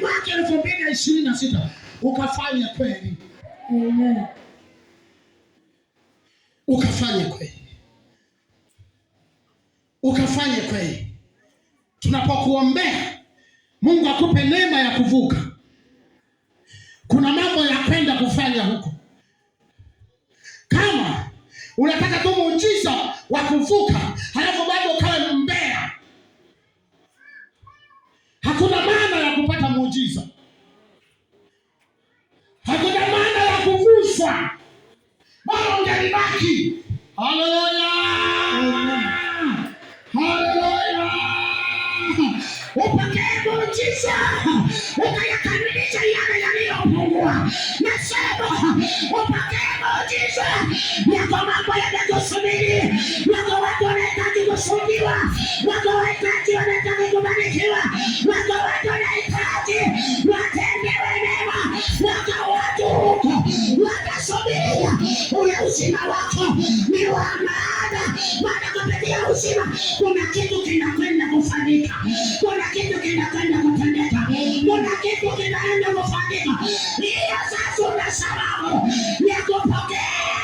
mwaka elfu mbili na ishirini na sita ukafanya kweli, ukafanye kweli, ukafanye kweli. Tunapokuombea Mungu akupe neema ya kuvuka, kuna mambo ya kwenda kufanya huko. Kama unataka tu muujiza wa kuvuka alibaki. Haleluya, haleluya! Upokee muujiza ukayakamilisha yale yaliyopungua. Nasema upokee muujiza yako. Mambo yanakusubiri yako, watu wanahitaji kusudiwa, wako wahitaji wanahitaji kubarikiwa, wako watu wanahitaji kupitia ule uzima wako ni wa maana, maana kupitia uzima kuna kitu kinakwenda kufanyika, kuna kitu kinakwenda kutendeka, kuna kitu kinaenda kufanyika. Hiyo sasa una sababu ya kupokea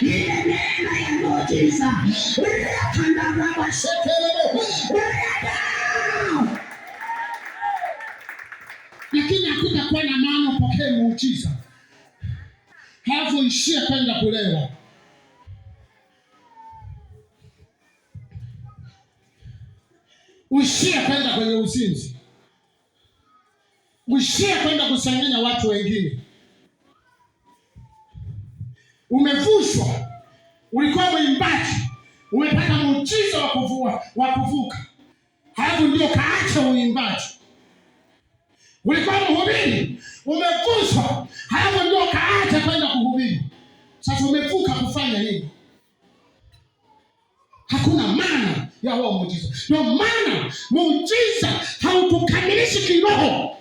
ile neema ya muujiza uliyokandarabashekelele lakini hakutakuwa na maana upokee muujiza halafu ishia kwenda kulewa. Uishie kwenda kwenye uzinzi, uishie kwenda kusanganya watu wengine. Umevushwa, ulikuwa mwimbaji, umepata muujiza wa kuvua wa kuvuka, halafu ndio kaacha uimbaji. Ulikuwa mhubiri, umevushwa, halafu ndio kaacha kwenda sasa umevuka kufanya nini? Hakuna maana ya huo muujiza. Ndio maana muujiza hautukamilishi kiroho,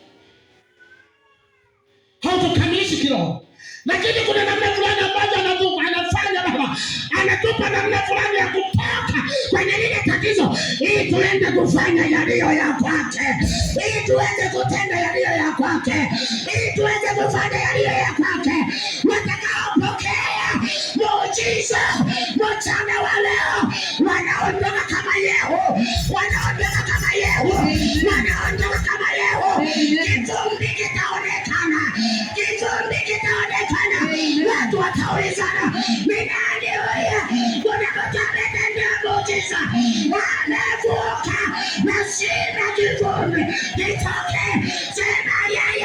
hautukamilishi kiroho, lakini kuna namna fulani ambayo anatupa anafanya Baba, anatupa namna fulani ya kutoka kwenye lile tatizo, ili tuende kufanya yaliyo ya kwake, ili tuende kutenda yaliyo ya kwake, ili Bwana wa leo, wanaondoka kama Yehu, wanaondoka kama Yehu, wanaondoka kama Yehu. Kitumbi kitaonekana, kitumbi kitaonekana, watu wataulizana ni nani huyu unakotaletendia muujiza, amevuka na shina. Kitumbi kitoke, sema yeye